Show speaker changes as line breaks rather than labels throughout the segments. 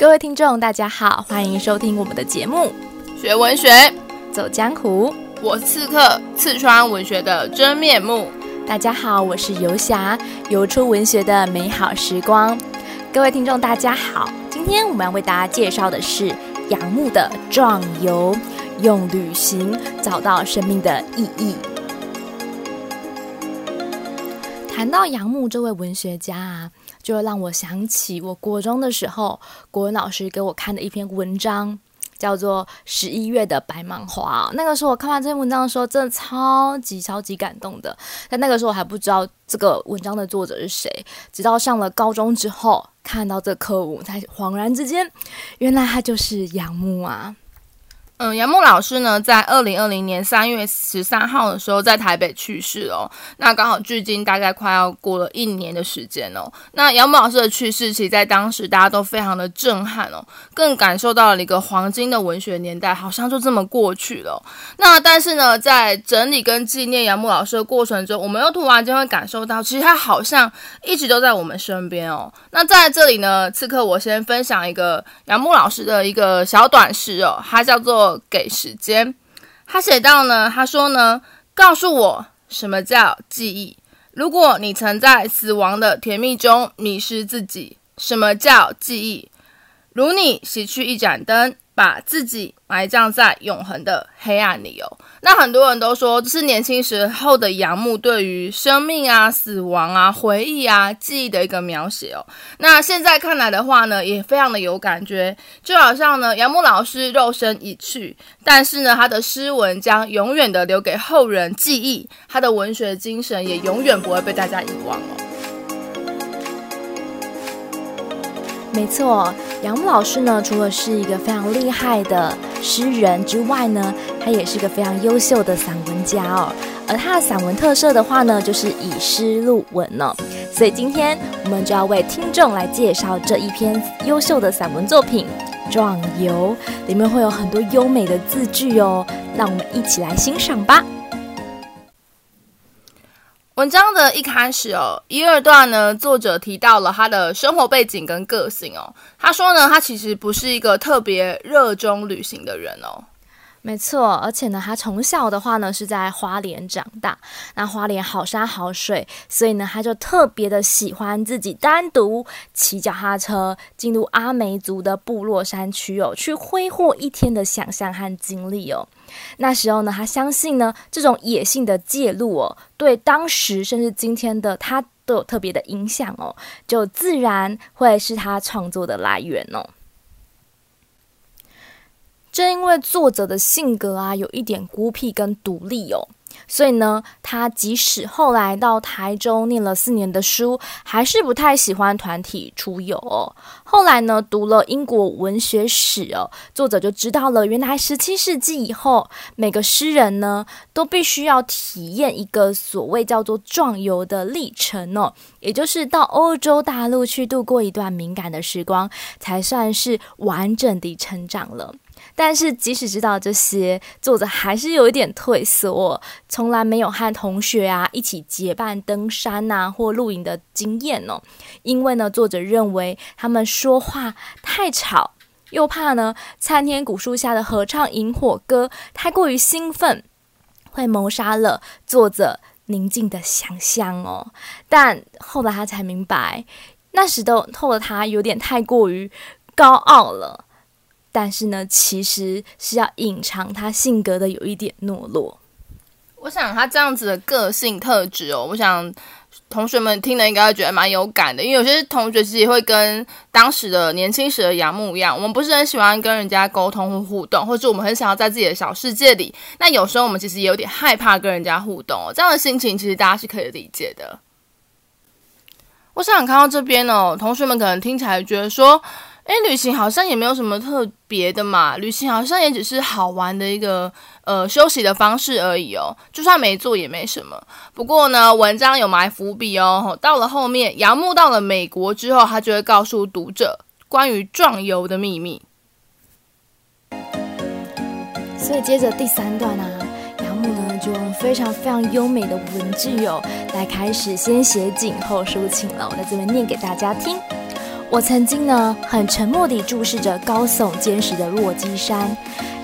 各位聽眾，大家好，歡迎收聽我們的節目《學文學走江湖》。我是刺客，刺穿文學的真面目。大家好，我是遊俠，游出文學的美好時光。各位聽眾，大家好，今天我們要為大家介紹的是楊牧的《壯遊》，用旅行找到生命的意義。談到楊牧這位文學家，啊，就讓我想起我國中的時候，國文老師給我看的一篇文章，叫做《十一月的白芒花》。那個時候我看完這篇文章的時候，真的超級超級感動的。但那個時候我還不知道這個文章的作者是誰，直到上了高中之後，看到
這課文，才恍然之間，原來他就是楊牧啊。嗯，楊牧老師呢，在二零二零年三月十三號的時候，在台北去世了哦。那剛好距今大概快要過了一年的時間哦。那楊牧老師的去世，其實在當時大家都非常的震撼哦，更感受到了一個黃金的文學年代好像就這麼過去了哦。那但是呢，在整理跟紀念楊牧老師的過程中，我們又突然間會感受到，其實他好像一直都在我們身邊哦。那在這裡呢，刺客我先分享一個楊牧老師的一個小短詩哦，它叫做。給時間，他寫到呢，他說呢，告訴我什麼叫記憶。如果你曾在死亡的甜蜜中迷失自己，什麼叫記憶？如你熄去一盞燈。把自己埋葬在永恆的黑暗裡哦。那很多人都說，這是年輕時候的楊牧對於生命啊、死亡啊、回憶啊、記憶的一個描寫哦。那現在看來的話呢，也非常的有感覺，就好像呢，楊牧老師肉身已去，但是呢，他的詩文將永遠的留給後人記憶，他的文學精神也永遠不會被大家遺忘哦。
沒錯，楊牧老師呢，除了是一個非常厲害的詩人之外呢，他也是一個非常優秀的散文家哦。而他的散文特色的話呢，就是以詩入文呢、哦。所以今天我們就要為聽眾來介紹這一篇優秀的散文作品《壯遊》，裡面會有很多優美的字
句哦。讓我們一起來欣賞吧。文章的一開始哦，一二段呢，作者提到了他的生活背景跟個性哦。他說呢，他其實不是一個特別熱衷旅行的人哦。
沒錯，而且呢，他從小的話呢是在花蓮長大，那花蓮好山好水，所以呢，他就特別的喜歡自己單獨騎腳踏車進入阿美族的部落山區哦，去揮霍一天的想象和精力哦。那時候呢，他相信呢，這種野性的介入哦，對當時甚至今天的他都有特別的影響哦，就自然會是他創作的來源哦。正因為作者的性格啊，有一點孤僻跟獨立哦。所以呢，他即使後來到台中念了四年的書，還是不太喜歡團體出遊哦。後來呢，讀了英國文學史哦，作者就知道了，原來十七世紀以後，每個詩人呢，都必須要體驗一個所謂叫做壯遊的歷程哦，也就是到歐洲大陸去度過一段敏感的時光，才算是完整的成長了。但是，即使知道這些，作者還是有一點退縮、哦，從來沒有和同學啊一起結伴登山吶、啊、或露營的經驗哦。因為呢，作者認為他們說話太吵，又怕呢，參天古樹下的合唱螢火歌太過於興奮，會謀殺了作者寧靜的想象哦。但後來他才明白，那時候的他有點太過於高傲了。但是呢，其實是要隱藏他性格的有一點懦弱。
我想他這樣子的個性特質哦，我想同學們聽了應該會覺得蠻有感的，因為有些同學自己會跟當時的年輕時的楊牧一樣，我們不是很喜歡跟人家溝通或互動，或者我們很想要在自己的小世界裡。那有時候我們其實也有點害怕跟人家互動哦，這樣的心情其實大家是可以理解的。我想看到這邊哦，同學們可能聽起來覺得說。哎，旅行好像也沒有什麼特別的嘛，旅行好像也只是好玩的一個呃休息的方式而已哦，就算沒做也沒什麼。不過呢，文章有埋伏筆哦，到了後面，楊牧到了美國之後，他就會告訴讀者關於壯遊的秘密。
所以接着第三段，啊，楊牧呢，楊牧呢就用非常非常優美的文字哦，來開始先寫景後抒情了，我來這邊念給大家聽。我曾經呢，很沉默地注視着高聳堅實的落基山，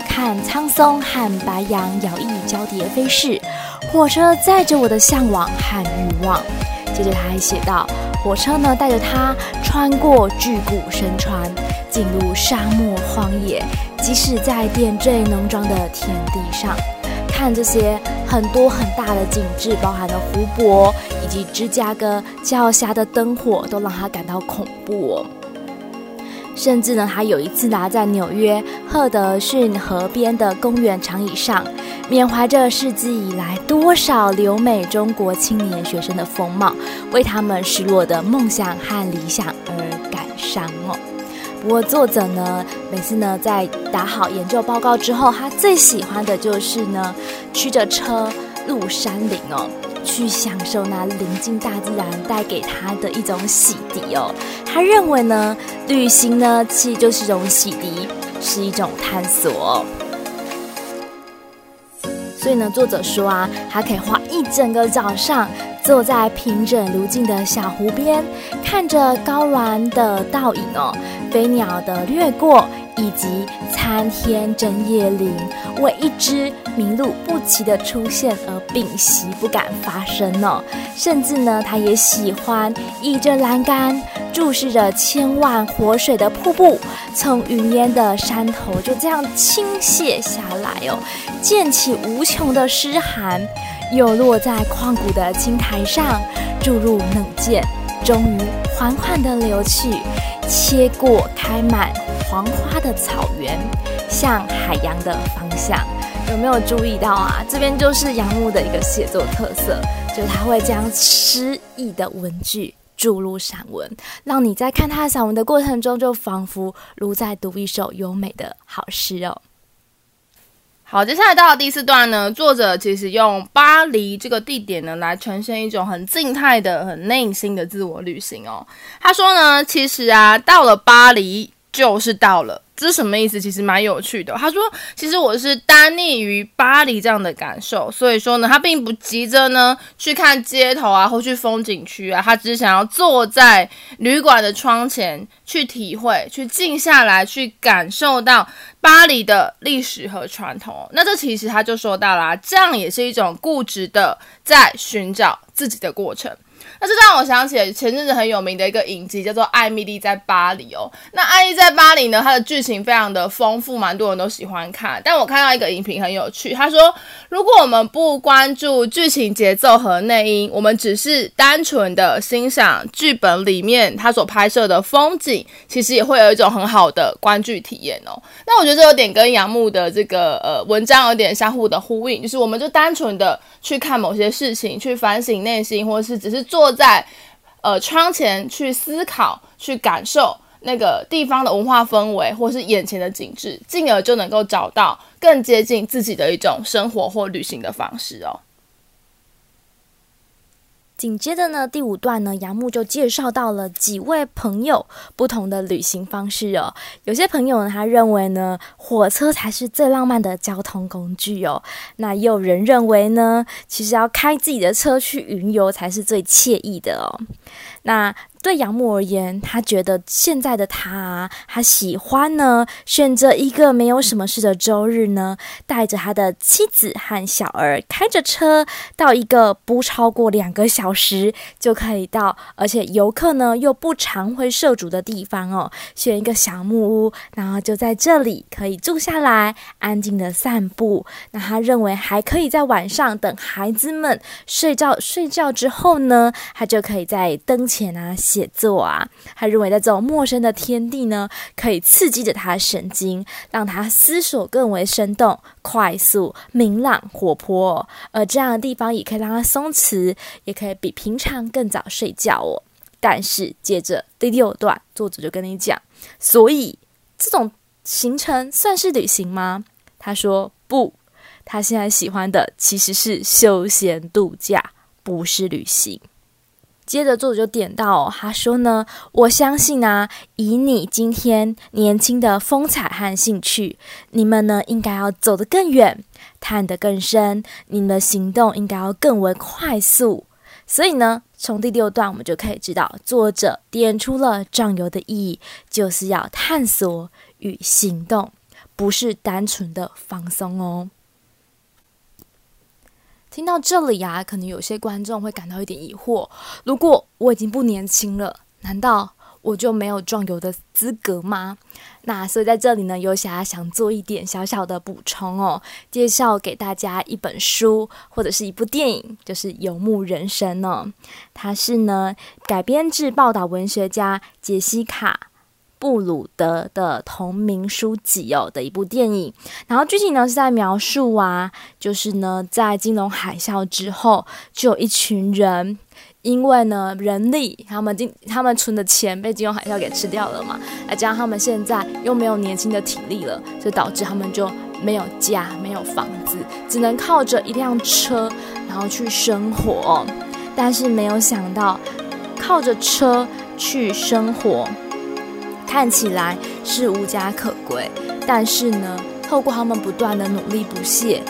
看蒼松和白楊搖曳交疊飛逝，火車載着我的向往和欲望。接着他還寫道，火車呢帶着他穿過巨谷深川，進入沙漠荒野，即使在點綴農莊的田地上，看這些很多很大的景致，包含了湖泊。以及芝加哥橋下的燈火都讓他感到恐怖哦。甚至呢，他有一次呢，在紐約赫德遜河邊的公園長椅上，緬懷着世紀以來多少留美中國青年學生的風貌，為他們失落的夢想和理想而感傷哦。不過作者呢，每次呢在打好研究報告之後，他最喜歡的就是呢，驅着車入山林哦。去享受那臨近大自然帶給他的一種洗滌哦。他認為呢，旅行呢其實就是一種洗滌，是一種探索哦。所以呢，作者說啊，他可以花一整個早上坐在平整如鏡的小湖邊，看着高巒的倒影哦，飛鳥的掠過。以及參天真夜林，為一隻麋鹿不齊的出現而屏息不敢發聲哦。甚至呢，它也喜歡倚着欄杆，注視着千萬活水的瀑布，從雲煙的山頭就這樣傾瀉下來哦，濺起無窮的濕寒，又落在曠古的青苔上，注入冷箭，終於緩緩的流去。切過開滿黃花的草原，向海洋的方向，有沒有注意到啊？這邊就是楊牧的一個寫作特色，就是他會將詩意的文句注入散文，讓你在看他的散文的過程
中，就仿佛如在讀一首優美的好詩哦。好，接下來到了第四段呢，作者其實用巴黎這個地點呢，來呈現一種很靜態的、很內心的自我旅行哦。他說呢，其實啊，到了巴黎。就是到了，這是什麼意思？其實蠻有趣的、哦。他說，其實我是耽溺於巴黎這樣的感受，所以說呢，他並不急着呢去看街頭啊，或去風景區啊，他只想要坐在旅館的窗前去體會，去靜下來，去感受到巴黎的歷史和傳統。那這其實他就說到啦、啊，這樣也是一種固執的在尋找自己的過程。那這讓我想起了前陣子很有名的一個影集，叫做《艾米麗在巴黎》哦。那《艾米麗在巴黎》呢，它的劇情非常的豐富，蠻多人都喜歡看。但我看到一個影評很有趣，他說：如果我們不關注劇情節奏和內因，我們只是單純的欣賞劇本裡面他所拍攝的風景，其實也會有一種很好的觀劇體驗哦。那我覺得這有點跟楊牧的這個呃文章有點相互的呼應，就是我們就單純的去看某些事情，去反省內心，或者是只是。坐在，呃窗前去思考、去感受那個地方的文化氛圍，或是眼前的景致，進而就能夠找到更接近自己的一種生活或旅行的方式哦。
緊接着呢，第五段呢，楊牧就介紹到了幾位朋友不同的旅行方式哦。有些朋友呢，他認為呢，火車才是最浪漫的交通工具哦。那也有人認為呢，其實要開自己的車去雲遊才是最愜意的哦。那對楊牧而言，他覺得現在的他、啊，他喜歡呢，選擇一個沒有什麼事的周日呢，帶着他的妻子和小兒，開着車到一個不超過兩個小時就可以到，而且遊客呢又不常會涉足的地方哦，選一個小木屋，然後就在這裡可以住下來，安靜的散步。那他認為還可以在晚上等孩子們睡覺睡覺之後呢，他就可以在燈。而且呢，寫作啊，他認為在這種陌生的天地呢，可以刺激着他的神經，讓他思索更為生動、快速、明朗、活潑哦。而這樣的地方也可以讓他鬆弛，也可以比平常更早睡覺哦。但是接着第六段，作者就跟你講，所以這種行程算是旅行嗎？他說不，他現在喜歡的其實是休閒度假，不是旅行。接着作者就點到、哦，他說呢，我相信呢、啊，以你今天年輕的風采和興趣，你們呢應該要走得更遠，探得更深，你們的行動應該要更為快速。所以呢，從第六段我們就可以知道，作者點出了壯遊的意義，就是要探索與行動，不是單純的放鬆哦。聽到這裡呀、啊，可能有些觀眾會感到一點疑惑：如果我已經不年輕了，難道我就沒有壯遊的資格嗎？那所以在這裡呢，游俠想做一點小小的補充哦，介紹給大家一本書或者是一部電影，就是《游牧人生》呢、哦。它是呢改編自報道文學家杰西卡。布魯德的同名書籍哦的一部電影，然後劇情呢是在描述啊，就是呢在金融海嘯之後，就有一群人，因為呢人力他們金他們存的錢被金融海嘯給吃掉了嘛，再加上他們現在又沒有年輕的體力了，就導致他們就沒有家、沒有房子，只能靠着一輛車然後去生活，但是沒有想到靠着車去生活。看起來是無家可歸，但是呢，透過他們不斷的努力不懈，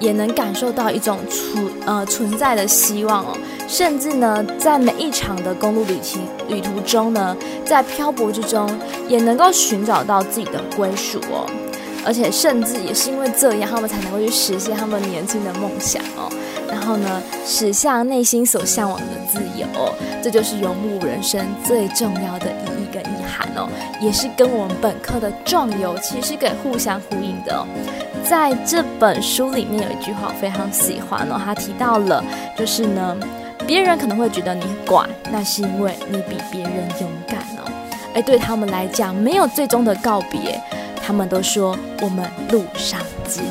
也能感受到一種存呃存在的希望哦。甚至呢，在每一場的公路旅行旅途中呢，在漂泊之中，也能夠尋找到自己的歸屬哦。而且甚至也是因為這樣，他們才能夠去實現他們年輕的夢想哦。然後呢，駛向內心所向往的自由哦，這就是游牧人生最重要的意義。哦，也是跟我們本課的壯遊其實給互相呼應的哦。在這本書裡面有一句話我非常喜歡哦，他提到了，就是呢，別人可能會覺得你怪，那是因為你比別人勇敢哦。哎，對他們來講，沒有最終的告別，他們都說我們路上見。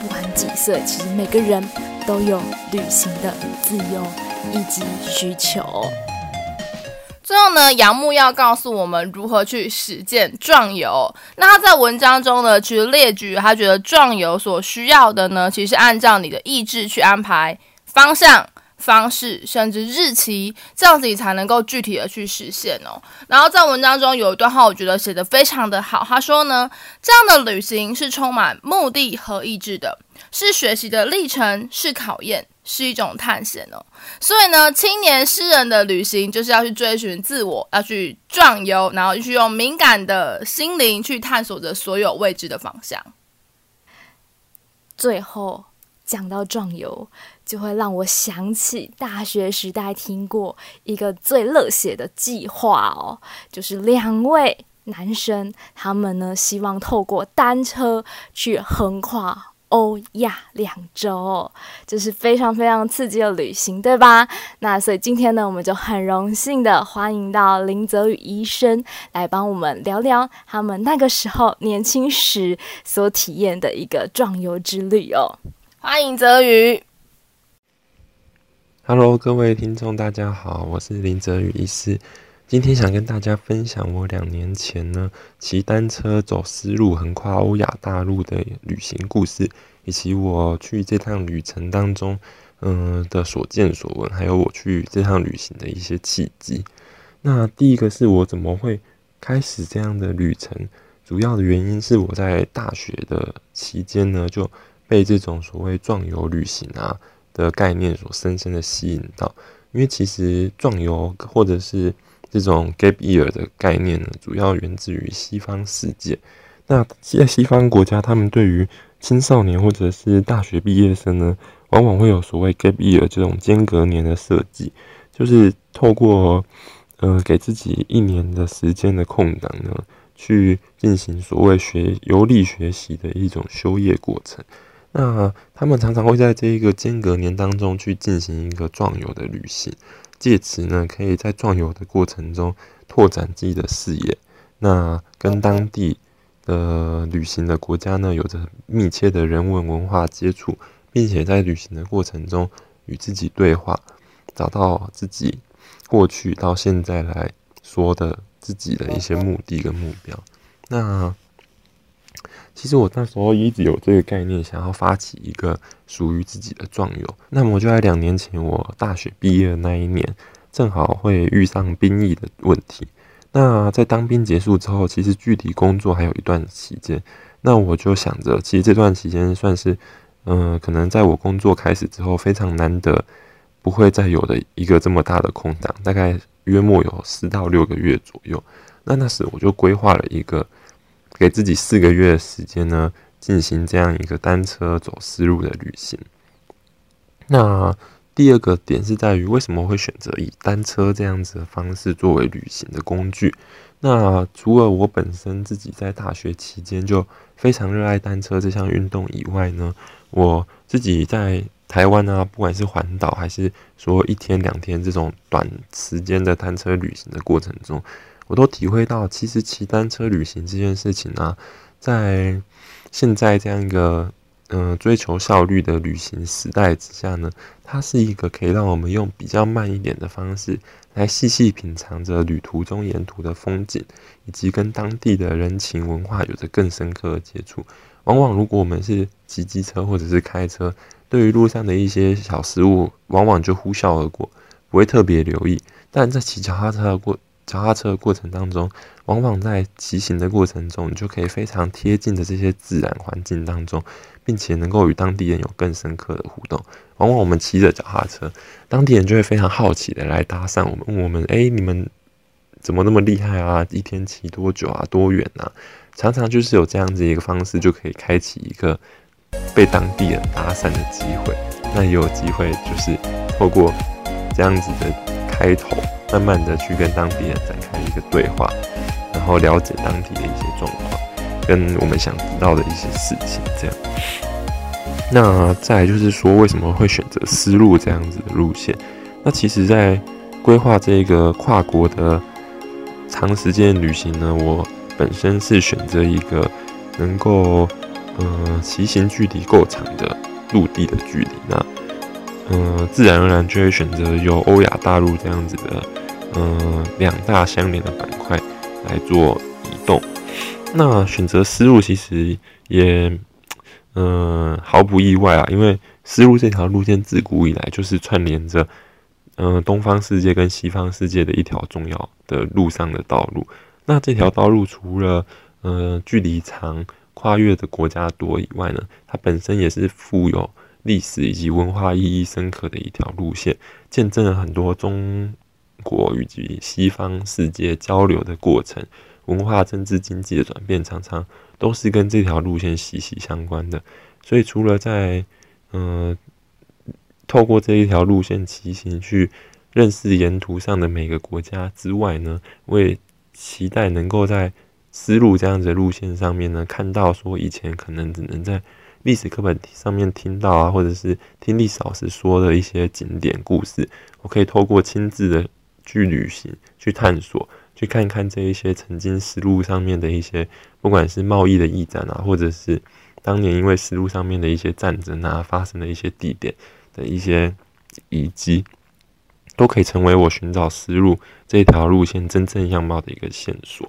不管幾歲，其實每個人都有旅行的自由以及需求。
最後呢，楊牧要告訴我們如何去實踐壯遊。那他在文章中呢，其實列舉他覺得壯遊所需要的呢，其實按照你的意志去安排方向、方式，甚至日期，這樣子你才能夠具體的去實現哦。然後在文章中有一段話，我覺得寫的非常的好。他說呢，這樣的旅行是充滿目的和意志的，是學習的歷程，是考驗。是一種探險哦，所以呢，青年詩人的旅行就是要去追尋自我，要去壯遊，然後去用敏感的心靈去探索着所有未知的方向。
最後講到壯遊，就會讓我想起大學時代聽過一個最熱血的計劃哦，就是兩位男生，他們呢，希望透過單車去橫跨。歐亞兩洲，這是非常非常刺激的旅行，對吧？那所以今天呢，我們就很榮幸的歡迎到林澤宇醫生來幫我們聊聊他們那個時候年輕時所體驗的一個壯遊之旅
哦。歡迎澤宇。
Hello，各位聽眾，大家好，我是林澤宇醫師。今天想跟大家分享我兩年前呢騎單車走絲路，橫跨歐亞大陸的旅行故事，以及我去這趟旅程當中，嗯的所見所聞，還有我去這趟旅行的一些契機。那第一個是我怎麼會開始這樣的旅程，主要的原因是我在大學的期間呢，就被這種所謂壯遊旅行啊的概念所深深的吸引到，因為其實壯遊或者是這種 gap year 的概念呢，主要源自於西方世界。那在西方國家，他們對於青少年或者是大學畢業生呢，往往會有所謂 gap year 這種間隔年的設計，就是透過呃給自己一年的時間的空檔呢，去進行所謂學遊歷學習的一種修業過程。那他們常常會在這一個間隔年當中去進行一個壯遊的旅行。借此呢，可以在壯遊的過程中拓展自己的視野，那跟當地的旅行的國家呢，有着密切的人文文化接觸，並且在旅行的過程中與自己對話，找到自己過去到現在來說的自己的一些目的跟目標。那其實我那時候一直有這個概念，想要發起一個屬於自己的壯遊。那麼我就在兩年前，我大學畢業的那一年，正好會遇上兵役的問題。那在當兵結束之後，其實距離工作還有一段期間。那我就想着，其實這段期間算是，嗯，可能在我工作開始之後，非常難得不會再有的一個這麼大的空檔，大概約莫有四到六個月左右。那那時我就規劃了一個。給自己四個月的時間呢，進行這樣一個單車走絲路的旅行。那第二個點是在於，為什麼會選擇以單車這樣子的方式作為旅行的工具？那除了我本身自己在大學期間就非常熱愛單車這項運動以外呢，我自己在台灣啊，不管是環島還是說一天兩天這種短時間的單車旅行的過程中，我都體會到，其實騎單車旅行這件事情呢、啊，在現在這樣一個嗯、呃、追求效率的旅行時代之下呢，它是一個可以讓我們用比較慢一點的方式來細細品嘗着旅途中沿途的風景，以及跟當地的人情文化有着更深刻的接觸。往往如果我們是騎機車或者是開車，對於路上的一些小事物，往往就呼嘯而過，不會特別留意。但在騎腳踏車過。腳踏車的過程當中，往往在騎行的過程中，你就可以非常貼近的這些自然環境當中，並且能夠與當地人有更深刻的互動。往往我們騎着腳踏車，當地人就會非常好奇的來搭訕我們，問我們：“哎、欸，你們怎麼那麼厲害啊？一天騎多久啊？多遠啊？”常常就是有這樣子一個方式，就可以開啟一個被當地人搭訕的機會。那也有機會，就是透過這樣子的開頭。慢慢的去跟當地人展開一個對話，然後了解當地的一些狀況，跟我們想知道的一些事情，這樣。那再來就是說，為什麼會選擇絲路這樣子的路線？那其實在規劃這個跨國的長時間旅行呢，我本身是選擇一個能夠，呃，騎行距離夠長的陸地的距離那、啊嗯、呃，自然而然就會選擇由歐亞大陸這樣子的，嗯、呃，兩大相連的板塊來做移動。那選擇絲路其實也，嗯、呃，毫不意外啊，因為絲路這條路線自古以來就是串聯着，嗯、呃，東方世界跟西方世界的一條重要的路上的道路。那這條道路除了，嗯、呃，距離長、跨越的國家多以外呢，它本身也是富有。歷史以及文化意義深刻的一條路線，見證了很多中國以及西方世界交流的過程，文化、政治、經濟的轉變常常都是跟這條路線息息相關的。所以，除了在嗯、呃、透過這一條路線騎行去認識沿途上的每個國家之外呢，我也期待能夠在。絲路這樣子的路線上面呢，看到說以前可能只能在歷史課本上面聽到啊，或者是聽歷史老師說的一些景點故事，我可以透過親自的去旅行，去探索，去看一看這一些曾經絲路上面的一些，不管是貿易的驛站啊，或者是當年因為絲路上面的一些戰爭啊發生的一些地點的一些遺跡，都可以成為我尋找絲路這條路線真正樣貌的一個線索。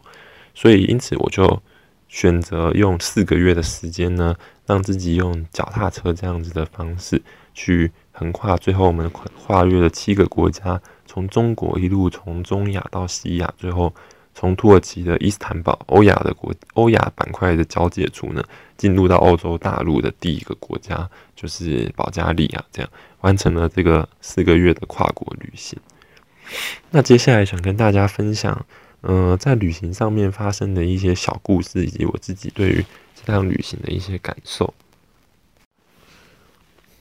所以，因此我就選擇用四個月的時間呢，讓自己用腳踏車這樣子的方式去橫跨，最後我們跨越了七個國家，從中國一路從中亞到西亞，最後從土耳其的伊斯坦堡，歐亞的國歐亞板塊的交界處呢，進入到歐洲大陸的第一個國家就是保加利亞，這樣完成了這個四個月的跨國旅行。那接下來想跟大家分享。嗯、呃，在旅行上面發生的一些小故事，以及我自己對於這趟旅行的一些感受。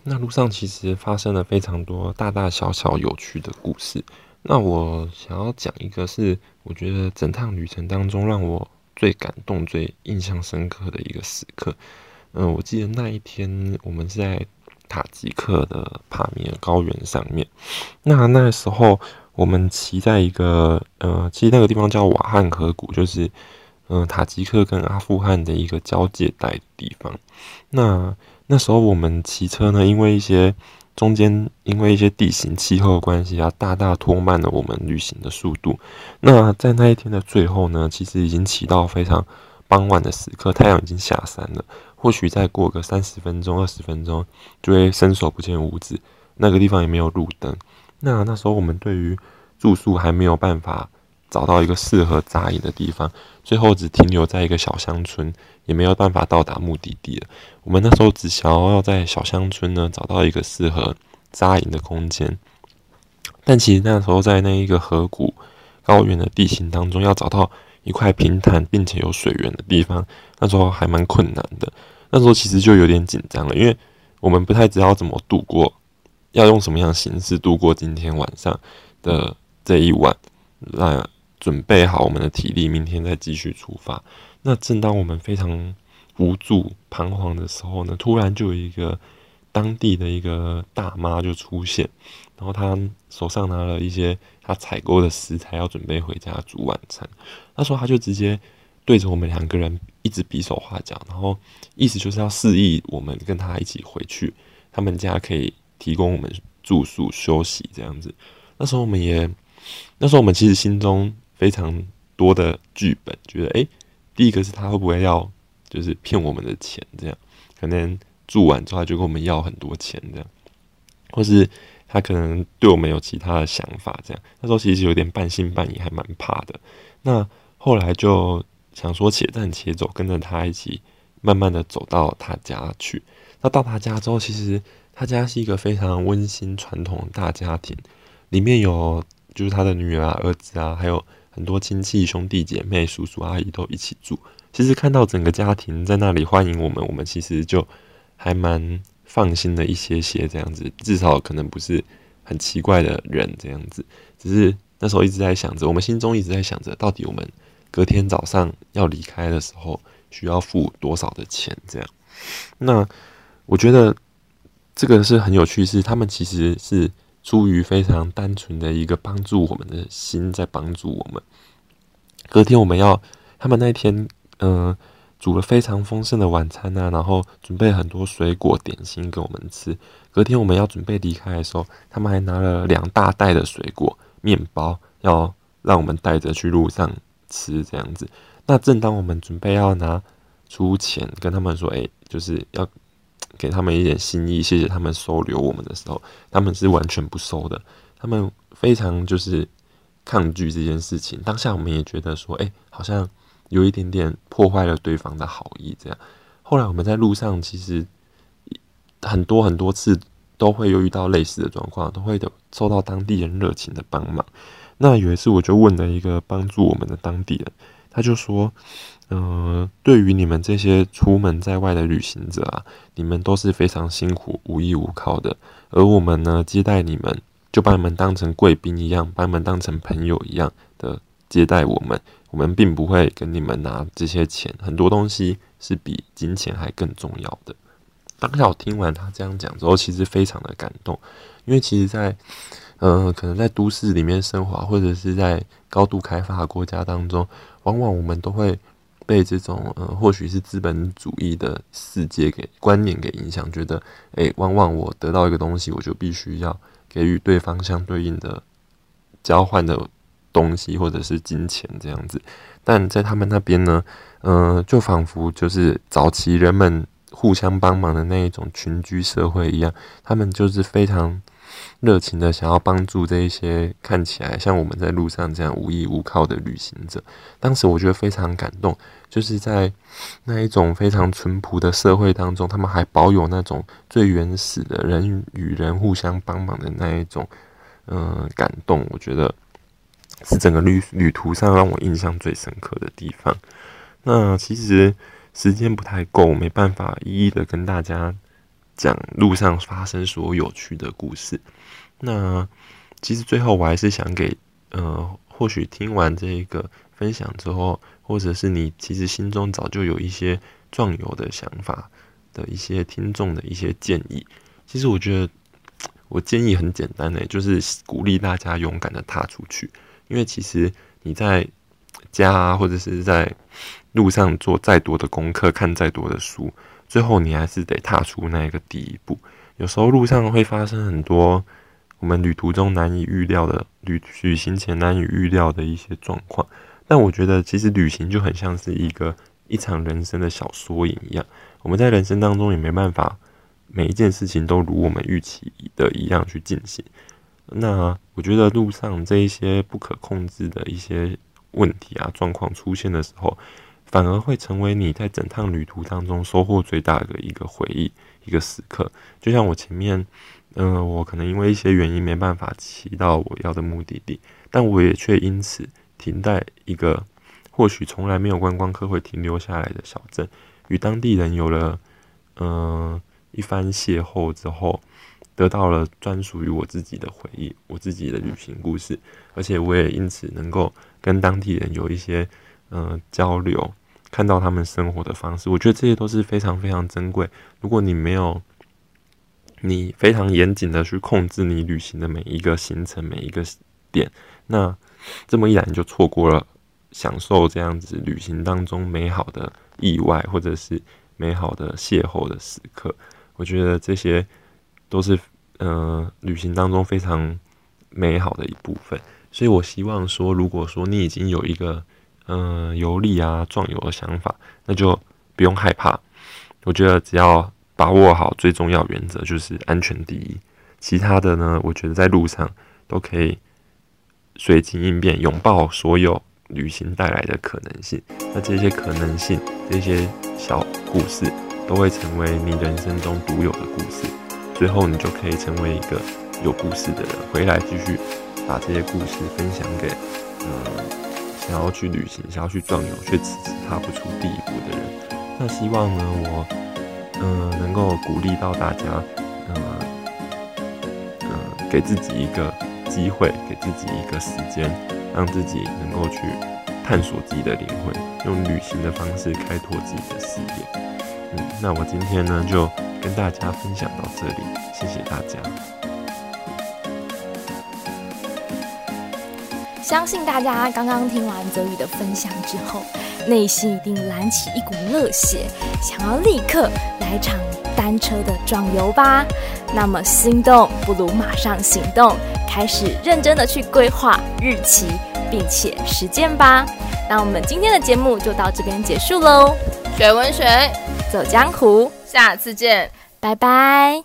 那路上其實發生了非常多大大小小有趣的故事。那我想要講一個，是我覺得整趟旅程當中讓我最感動、最印象深刻的一個時刻。嗯，我記得那一天我們是在塔吉克的帕米爾高原上面。那那時候。我們騎在一個呃，其實那個地方叫瓦罕河谷，就是嗯、呃、塔吉克跟阿富汗的一個交界帶地方。那那時候我們騎車呢，因為一些中間因為一些地形氣候關係啊，大大拖慢了我們旅行的速度。那在那一天的最後呢，其實已經騎到非常傍晚的時刻，太陽已經下山了。或許再過個三十分鐘、二十分鐘，就會伸手不見五指，那個地方也沒有路燈。那那時候我們對於住宿還沒有辦法找到一個適合紮營的地方，最後只停留在一個小鄉村，也沒有辦法到達目的地了。我們那時候只想要在小鄉村呢，找到一個適合紮營的空間，但其實那時候在那一個河谷高原的地形當中，要找到一塊平坦並且有水源的地方，那時候還蠻困難的。那時候其實就有點緊張了，因為我們不太知道怎麼度過。要用什麼樣的形式度過今天晚上的這一晚，那準備好我們的體力，明天再繼續出發。那正當我們非常無助、彷徨的時候呢，突然就有一個當地的一個大媽就出現，然後她手上拿了一些她採購的食材，要準備回家煮晚餐。那時候她就直接對着我們兩個人一直比手畫腳，然後意思就是要示意我們跟她一起回去，他們家可以。提供我們住宿休息這樣子，那時候我們也，那時候我們其實心中非常多的劇本，覺得誒、欸，第一個是他會不會要就是騙我們的錢這樣，可能住完之後就跟我們要很多錢這樣，或是他可能對我們有其他的想法這樣，那時候其實有點半信半疑，還蠻怕的。那後來就想說，且戰且走，跟着他一起慢慢的走到他家去。那到他家之後，其實。他家是一個非常溫馨傳統的大家庭，裡面有就是他的女兒啊、兒子啊，還有很多親戚、兄弟姐妹、叔叔阿姨都一起住。其實看到整個家庭在那裡歡迎我們，我們其實就還蠻放心的一些些這樣子，至少可能不是很奇怪的人這樣子。只是那時候一直在想着，我們心中一直在想着，到底我們隔天早上要離開的時候需要付多少的錢這樣。那我覺得。這個是很有趣，是他們其實是出於非常單純的一個幫助我們的心，在幫助我們。隔天我們要，他們那天，嗯，煮了非常豐盛的晚餐啊，然後準備很多水果點心給我們吃。隔天我們要準備離開的時候，他們還拿了兩大袋的水果麵包，要讓我們帶着去路上吃這樣子。那正當我們準備要拿出錢跟他們說，哎，就是要。給他們一點心意，謝謝他們收留我們的時候，他們是完全不收的，他們非常就是抗拒這件事情。當下我們也覺得說，誒、欸，好像有一點點破壞了對方的好意這樣。後來我們在路上，其實很多很多次都會有遇到類似的狀況，都會有受到當地人熱情的幫忙。那有一次我就問了一個幫助我們的當地人，他就說。嗯、呃，對於你們這些出門在外的旅行者啊，你們都是非常辛苦、無依無靠的。而我們呢，接待你們，就把你們當成貴賓一樣，把你們當成朋友一樣的接待我們。我們並不會跟你們拿這些錢，很多東西是比金錢還更重要的。當下我聽完他這樣講之後，其實非常的感動，因為其實在嗯、呃，可能在都市裡面生活，或者是在高度開發的國家當中，往往我們都會。被這種呃，或許是資本主義的世界給觀念給影響，覺得誒，往往我得到一個東西，我就必須要給予對方相對應的交換的東西，或者是金錢這樣子。但在他們那邊呢，嗯、呃，就仿佛就是早期人們互相幫忙的那一種群居社會一樣，他們就是非常。熱情的想要幫助這一些看起來像我們在路上這樣無依無靠的旅行者。當時我覺得非常感動，就是在那一種非常淳樸的社會當中，他們還保有那種最原始的人與人互相幫忙的那一種，嗯，感動，我覺得是整個旅旅途上讓我印象最深刻的地方。那其實時間不太夠，沒辦法一一的跟大家。講路上發生所有有趣的故事。那其實最後我還是想給，呃，或許聽完這一個分享之後，或者是你其實心中早就有一些壯遊的想法的一些聽眾的一些建議。其實我覺得，我建議很簡單的，就是鼓勵大家勇敢的踏出去，因為其實你在家啊，或者是在路上做再多的功課，看再多的書。最後，你還是得踏出那個第一步。有時候路上會發生很多我們旅途中難以預料的旅旅行前難以預料的一些狀況。但我覺得，其實旅行就很像是一個一場人生的小縮影一樣。我們在人生當中也沒辦法每一件事情都如我們預期的一樣去進行。那我覺得，路上這一些不可控制的一些問題啊、狀況出現的時候，反而會成為你在整趟旅途當中收穫最大的一個回憶，一個時刻。就像我前面，嗯、呃，我可能因為一些原因沒辦法騎到我要的目的地，但我也卻因此停在一個或許從來沒有觀光客會停留下來的小鎮，與當地人有了嗯、呃、一番邂逅之後，得到了專屬於我自己的回憶，我自己的旅行故事，而且我也因此能夠跟當地人有一些。嗯，交流，看到他們生活的方式，我覺得這些都是非常非常珍貴。如果你沒有，你非常嚴謹的去控制你旅行的每一個行程、每一個點，那這麼一來你就錯過了享受這樣子旅行當中美好的意外，或者是美好的邂逅的時刻。我覺得這些都是嗯，旅行當中非常美好的一部分。所以我希望說，如果說你已經有一個。嗯、呃，遊歷啊，壯遊的想法，那就不用害怕。我覺得只要把握好最重要原則，就是安全第一。其他的呢，我覺得在路上都可以隨機應變，擁抱所有旅行帶來的可能性。那這些可能性，這些小故事，都會成為你人生中獨有的故事。最後，你就可以成為一個有故事的人，回來繼續把這些故事分享給嗯。呃想要去旅行，想要去壯遊，卻遲遲踏不出第一步的人，那希望呢，我嗯、呃，能夠鼓勵到大家，嗯、呃、嗯、呃，給自己一個機會，給自己一個時間，讓自己能夠去探索自己的靈魂，用旅行的方式開拓自己的視野。嗯，那我今天呢，就跟大家分享到這裡，謝謝大家。
相信大家剛剛聽完澤宇的分享之後，內心一定燃起一股熱血，想要立刻來場單車的壯遊吧。那麼心動不如馬上行動，開始認真的去規劃日期，並且實踐吧。那我們今天的節目就到這邊結
束嘍，學文學，走江湖，下次見，
拜拜。